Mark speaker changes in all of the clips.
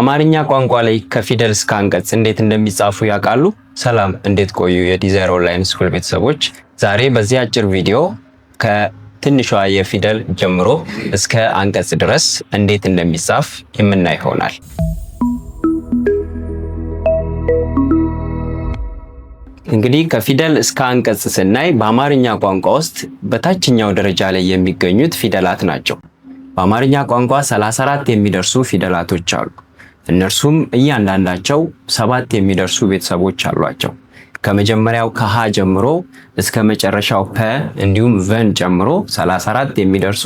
Speaker 1: አማርኛ ቋንቋ ላይ ከፊደል እስከ አንቀጽ እንዴት እንደሚጻፉ ያውቃሉ? ሰላም፣ እንዴት ቆዩ የዲዛይር ኦንላይን ስኩል ቤተሰቦች። ዛሬ በዚህ አጭር ቪዲዮ ከትንሿ የፊደል ጀምሮ እስከ አንቀጽ ድረስ እንዴት እንደሚጻፍ የምናይ ይሆናል። እንግዲህ ከፊደል እስከ አንቀጽ ስናይ በአማርኛ ቋንቋ ውስጥ በታችኛው ደረጃ ላይ የሚገኙት ፊደላት ናቸው። በአማርኛ ቋንቋ 34 የሚደርሱ ፊደላቶች አሉ። እነርሱም እያንዳንዳቸው ሰባት የሚደርሱ ቤተሰቦች አሏቸው። ከመጀመሪያው ከሃ ጀምሮ እስከ መጨረሻው ፐ እንዲሁም ቨን ጨምሮ 34 የሚደርሱ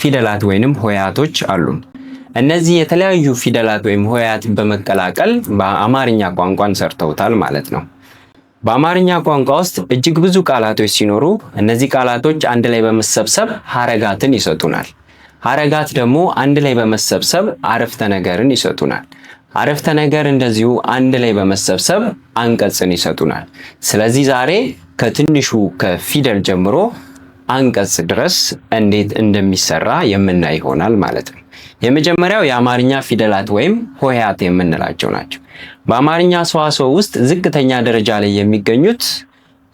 Speaker 1: ፊደላት ወይንም ሆያቶች አሉ። እነዚህ የተለያዩ ፊደላት ወይም ሆያት በመቀላቀል በአማርኛ ቋንቋን ሰርተውታል ማለት ነው። በአማርኛ ቋንቋ ውስጥ እጅግ ብዙ ቃላቶች ሲኖሩ እነዚህ ቃላቶች አንድ ላይ በመሰብሰብ ሀረጋትን ይሰጡናል። ሀረጋት ደግሞ አንድ ላይ በመሰብሰብ አረፍተ ነገርን ይሰጡናል። አረፍተ ነገር እንደዚሁ አንድ ላይ በመሰብሰብ አንቀጽን ይሰጡናል። ስለዚህ ዛሬ ከትንሹ ከፊደል ጀምሮ አንቀጽ ድረስ እንዴት እንደሚሰራ የምናይ ይሆናል ማለት ነው። የመጀመሪያው የአማርኛ ፊደላት ወይም ሆሄያት የምንላቸው ናቸው። በአማርኛ ሰዋሰው ውስጥ ዝቅተኛ ደረጃ ላይ የሚገኙት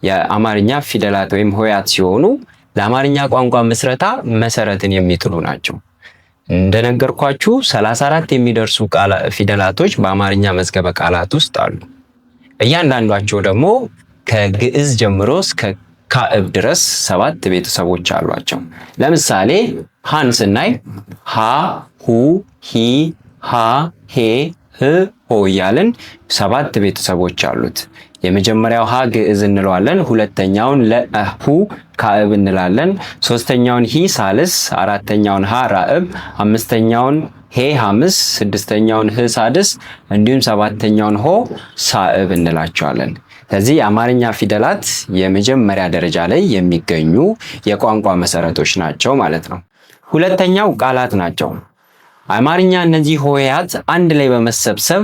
Speaker 1: የአማርኛ ፊደላት ወይም ሆሄያት ሲሆኑ ለአማርኛ ቋንቋ ምስረታ መሰረትን የሚጥሉ ናቸው። እንደነገርኳችሁ 34 የሚደርሱ ፊደላቶች በአማርኛ መዝገበ ቃላት ውስጥ አሉ። እያንዳንዷቸው ደግሞ ከግዕዝ ጀምሮ እስከ ካዕብ ድረስ ሰባት ቤተሰቦች አሏቸው። ለምሳሌ ሃን ስናይ ሃ፣ ሁ፣ ሂ፣ ሃ፣ ሄ፣ ህ፣ ሆ እያልን ሰባት ቤተሰቦች አሉት። የመጀመሪያው ሀ ግዕዝ እንለዋለን። ሁለተኛውን ለሁ ካዕብ እንላለን። ሶስተኛውን ሂ ሳልስ፣ አራተኛውን ሀ ራዕብ፣ አምስተኛውን ሄ ሐምስ፣ ስድስተኛውን ህ ሳድስ፣ እንዲሁም ሰባተኛውን ሆ ሳዕብ እንላቸዋለን። ከዚህ የአማርኛ ፊደላት የመጀመሪያ ደረጃ ላይ የሚገኙ የቋንቋ መሰረቶች ናቸው ማለት ነው። ሁለተኛው ቃላት ናቸው። አማርኛ እነዚህ ሆሄያት አንድ ላይ በመሰብሰብ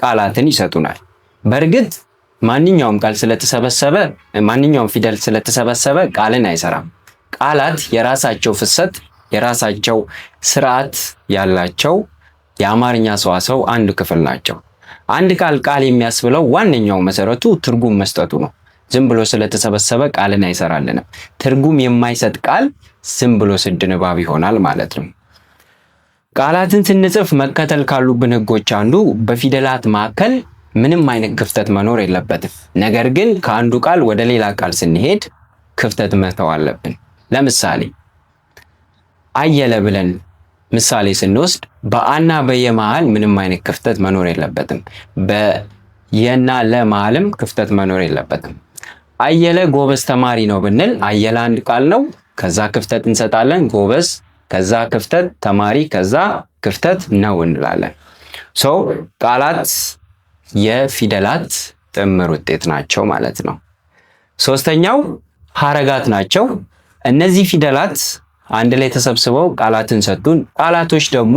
Speaker 1: ቃላትን ይሰጡናል። በእርግጥ ማንኛውም ቃል ስለተሰበሰበ ማንኛውም ፊደል ስለተሰበሰበ ቃልን አይሰራም። ቃላት የራሳቸው ፍሰት የራሳቸው ስርዓት ያላቸው የአማርኛ ሰዋሰው አንዱ ክፍል ናቸው። አንድ ቃል ቃል የሚያስብለው ዋነኛው መሰረቱ ትርጉም መስጠቱ ነው። ዝም ብሎ ስለተሰበሰበ ቃልን አይሰራልንም። ትርጉም የማይሰጥ ቃል ዝም ብሎ ስድ ንባብ ይሆናል ማለት ነው። ቃላትን ስንጽፍ መከተል ካሉብን ህጎች አንዱ በፊደላት መካከል ምንም አይነት ክፍተት መኖር የለበትም። ነገር ግን ከአንዱ ቃል ወደ ሌላ ቃል ስንሄድ ክፍተት መተው አለብን። ለምሳሌ አየለ ብለን ምሳሌ ስንወስድ በአና በየ መሃል ምንም አይነት ክፍተት መኖር የለበትም። በየና ለመሃልም ክፍተት መኖር የለበትም። አየለ ጎበዝ ተማሪ ነው ብንል አየለ አንድ ቃል ነው። ከዛ ክፍተት እንሰጣለን። ጎበዝ፣ ከዛ ክፍተት፣ ተማሪ፣ ከዛ ክፍተት ነው እንላለን። ሰው ቃላት የፊደላት ጥምር ውጤት ናቸው ማለት ነው። ሶስተኛው ሀረጋት ናቸው። እነዚህ ፊደላት አንድ ላይ ተሰብስበው ቃላትን ሰጡን። ቃላቶች ደግሞ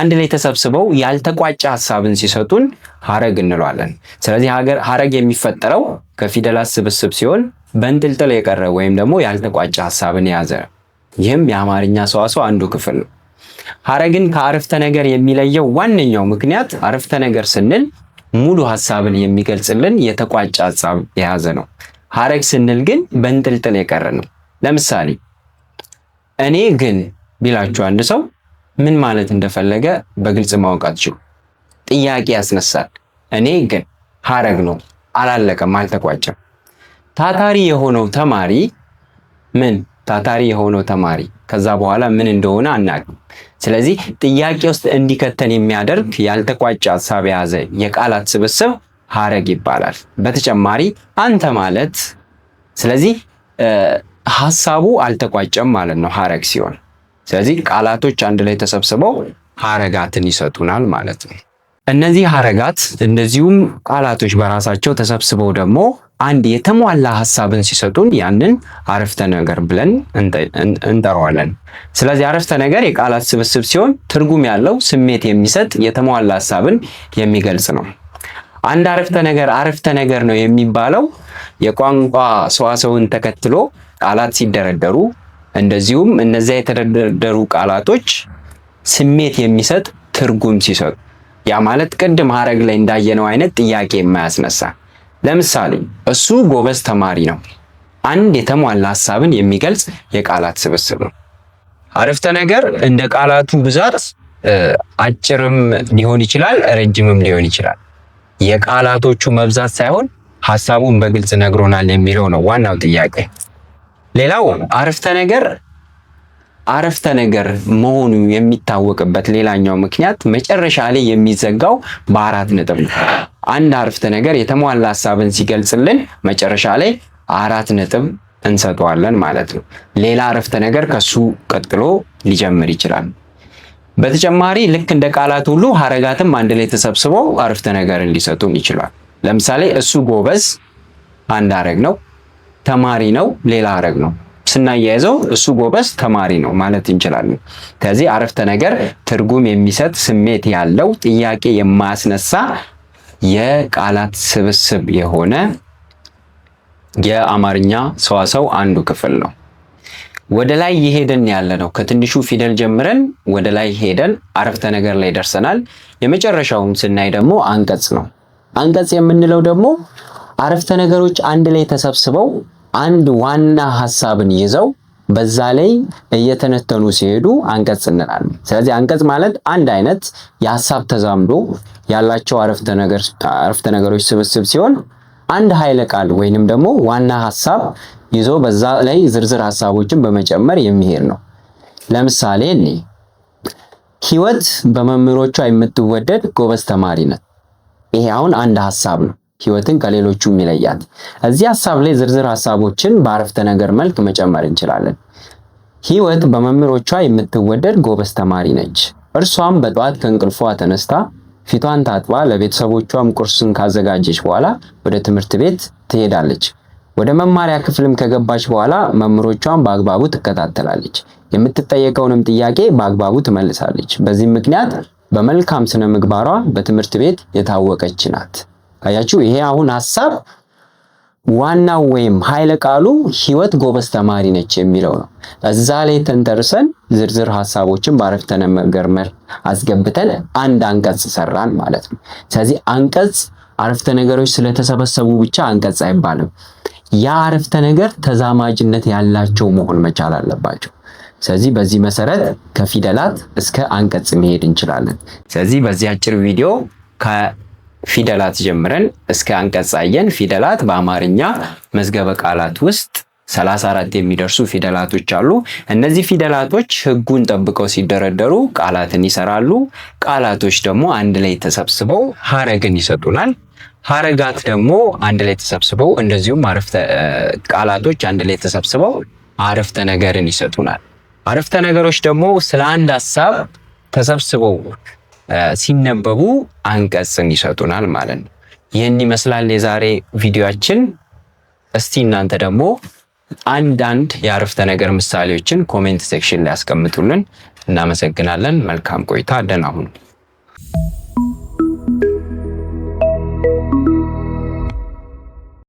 Speaker 1: አንድ ላይ ተሰብስበው ያልተቋጨ ሀሳብን ሲሰጡን ሀረግ እንለዋለን። ስለዚህ ሀረግ የሚፈጠረው ከፊደላት ስብስብ ሲሆን በንጥልጥል የቀረ ወይም ደግሞ ያልተቋጨ ሀሳብን የያዘ ይህም የአማርኛ ሰዋሰው አንዱ ክፍል ነው። ሀረግን ከአረፍተ ነገር የሚለየው ዋነኛው ምክንያት አረፍተ ነገር ስንል ሙሉ ሀሳብን የሚገልጽልን የተቋጨ ሀሳብ የያዘ ነው። ሀረግ ስንል ግን በንጥልጥል የቀረ ነው። ለምሳሌ እኔ ግን ቢላችሁ አንድ ሰው ምን ማለት እንደፈለገ በግልጽ ማወቅ አትችሉ። ጥያቄ ያስነሳል። እኔ ግን ሀረግ ነው፣ አላለቀም፣ አልተቋጨም። ታታሪ የሆነው ተማሪ ምን ታታሪ የሆነው ተማሪ ከዛ በኋላ ምን እንደሆነ አናቅም። ስለዚህ ጥያቄ ውስጥ እንዲከተን የሚያደርግ ያልተቋጨ ሀሳብ የያዘ የቃላት ስብስብ ሀረግ ይባላል። በተጨማሪ አንተ ማለት ስለዚህ ሀሳቡ አልተቋጨም ማለት ነው ሀረግ ሲሆን። ስለዚህ ቃላቶች አንድ ላይ ተሰብስበው ሀረጋትን ይሰጡናል ማለት ነው። እነዚህ ሀረጋት እንደዚሁም ቃላቶች በራሳቸው ተሰብስበው ደግሞ አንድ የተሟላ ሀሳብን ሲሰጡን ያንን አረፍተ ነገር ብለን እንጠራዋለን። ስለዚህ አረፍተ ነገር የቃላት ስብስብ ሲሆን ትርጉም ያለው ስሜት የሚሰጥ የተሟላ ሀሳብን የሚገልጽ ነው። አንድ አረፍተ ነገር አረፍተ ነገር ነው የሚባለው የቋንቋ ሰዋሰውን ተከትሎ ቃላት ሲደረደሩ፣ እንደዚሁም እነዚያ የተደረደሩ ቃላቶች ስሜት የሚሰጥ ትርጉም ሲሰጡ ያ ማለት ቅድም ሀረግ ላይ እንዳየነው አይነት ጥያቄ የማያስነሳ ለምሳሌ እሱ ጎበዝ ተማሪ ነው። አንድ የተሟላ ሀሳብን የሚገልጽ የቃላት ስብስብ ነው። አረፍተ ነገር እንደ ቃላቱ ብዛት አጭርም ሊሆን ይችላል፣ ረጅምም ሊሆን ይችላል። የቃላቶቹ መብዛት ሳይሆን ሀሳቡን በግልጽ ነግሮናል የሚለው ነው ዋናው ጥያቄ። ሌላው አረፍተ ነገር አረፍተ ነገር መሆኑ የሚታወቅበት ሌላኛው ምክንያት መጨረሻ ላይ የሚዘጋው በአራት ነጥብ ነው። አንድ አረፍተ ነገር የተሟላ ሀሳብን ሲገልጽልን መጨረሻ ላይ አራት ነጥብ እንሰጠዋለን ማለት ነው። ሌላ አረፍተ ነገር ከሱ ቀጥሎ ሊጀምር ይችላል። በተጨማሪ ልክ እንደ ቃላት ሁሉ ሀረጋትም አንድ ላይ ተሰብስበው አረፍተ ነገርን ሊሰጡን ይችላል። ለምሳሌ እሱ ጎበዝ አንድ ሀረግ ነው፣ ተማሪ ነው ሌላ ሀረግ ነው። ስናያይዘው እሱ ጎበዝ ተማሪ ነው ማለት እንችላለን። ከዚህ አረፍተ ነገር ትርጉም የሚሰጥ ስሜት ያለው ጥያቄ የማያስነሳ የቃላት ስብስብ የሆነ የአማርኛ ሰዋሰው አንዱ ክፍል ነው። ወደ ላይ የሄደን ያለ ነው። ከትንሹ ፊደል ጀምረን ወደ ላይ ሄደን አረፍተ ነገር ላይ ደርሰናል። የመጨረሻውን ስናይ ደግሞ አንቀጽ ነው። አንቀጽ የምንለው ደግሞ አረፍተ ነገሮች አንድ ላይ ተሰብስበው አንድ ዋና ሀሳብን ይዘው በዛ ላይ እየተነተኑ ሲሄዱ አንቀጽ እንላለን። ስለዚህ አንቀጽ ማለት አንድ አይነት የሀሳብ ተዛምዶ ያላቸው አረፍተ ነገሮች ስብስብ ሲሆን አንድ ኃይለ ቃል ወይንም ደግሞ ዋና ሀሳብ ይዞ በዛ ላይ ዝርዝር ሀሳቦችን በመጨመር የሚሄድ ነው። ለምሳሌ እኔ ህይወት በመምህሮቿ የምትወደድ ጎበዝ ተማሪ ነት ይሄ አሁን አንድ ሀሳብ ነው። ህይወትን ከሌሎቹም ይለያት። እዚህ ሀሳብ ላይ ዝርዝር ሀሳቦችን በአረፍተ ነገር መልክ መጨመር እንችላለን። ህይወት በመምህሮቿ የምትወደድ ጎበዝ ተማሪ ነች። እርሷም በጠዋት ከእንቅልፏ ተነስታ ፊቷን ታጥባ ለቤተሰቦቿም ቁርስን ካዘጋጀች በኋላ ወደ ትምህርት ቤት ትሄዳለች። ወደ መማሪያ ክፍልም ከገባች በኋላ መምህሮቿን በአግባቡ ትከታተላለች። የምትጠየቀውንም ጥያቄ በአግባቡ ትመልሳለች። በዚህም ምክንያት በመልካም ስነ ምግባሯ በትምህርት ቤት የታወቀች ናት። አያችሁ፣ ይሄ አሁን ሀሳብ ዋናው ወይም ኃይለ ቃሉ ህይወት ጎበዝ ተማሪ ነች የሚለው ነው። እዛ ላይ ተንተርሰን ዝርዝር ሀሳቦችን በአረፍተ ነገር መልክ አስገብተን አንድ አንቀጽ ሰራን ማለት ነው። ስለዚህ አንቀጽ አረፍተ ነገሮች ስለተሰበሰቡ ብቻ አንቀጽ አይባልም። ያ አረፍተ ነገር ተዛማጅነት ያላቸው መሆን መቻል አለባቸው። ስለዚህ በዚህ መሰረት ከፊደላት እስከ አንቀጽ መሄድ እንችላለን። ስለዚህ በዚህ አጭር ቪዲዮ ፊደላት ጀምረን እስከ አንቀጻየን ፊደላት በአማርኛ መዝገበ ቃላት ውስጥ 34 የሚደርሱ ፊደላቶች አሉ። እነዚህ ፊደላቶች ሕጉን ጠብቀው ሲደረደሩ ቃላትን ይሰራሉ። ቃላቶች ደግሞ አንድ ላይ ተሰብስበው ሀረግን ይሰጡናል። ሀረጋት ደግሞ አንድ ላይ ተሰብስበው እንደዚሁም አረፍተ ቃላቶች አንድ ላይ ተሰብስበው አረፍተ ነገርን ይሰጡናል። አረፍተ ነገሮች ደግሞ ስለ አንድ ሀሳብ ተሰብስበው ሲነበቡ አንቀጽን ይሰጡናል ማለት ነው። ይህን ይመስላል የዛሬ ቪዲዮችን። እስቲ እናንተ ደግሞ አንዳንድ የአረፍተ ነገር ምሳሌዎችን ኮሜንት ሴክሽን ላይ ያስቀምጡልን። እናመሰግናለን። መልካም ቆይታ። ደህና ሁኑ።